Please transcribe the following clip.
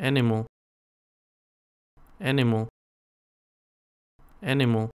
animal animal animal